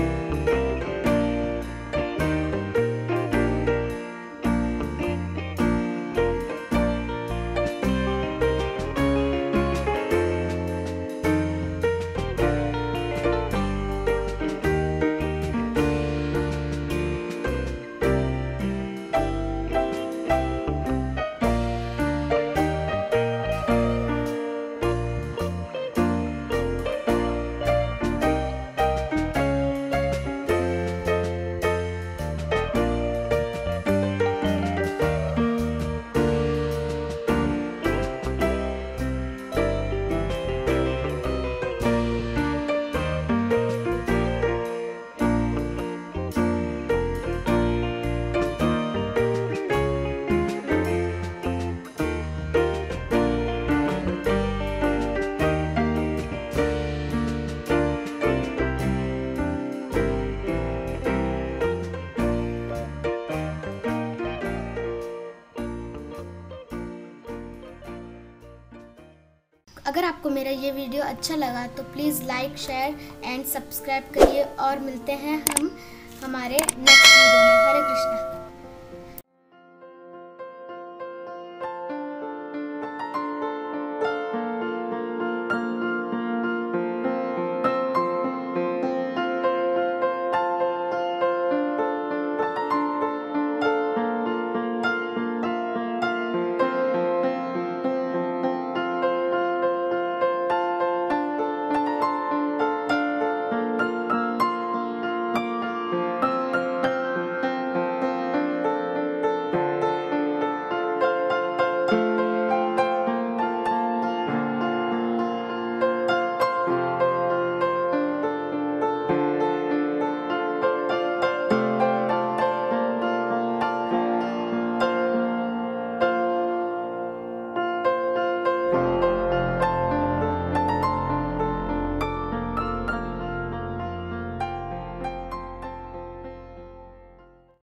thank you. अगर आपको मेरा ये वीडियो अच्छा लगा तो please like share and subscribe करिए और मिलते हैं हम हमारे नेक्स्ट वीडियो में हरे कृष्णा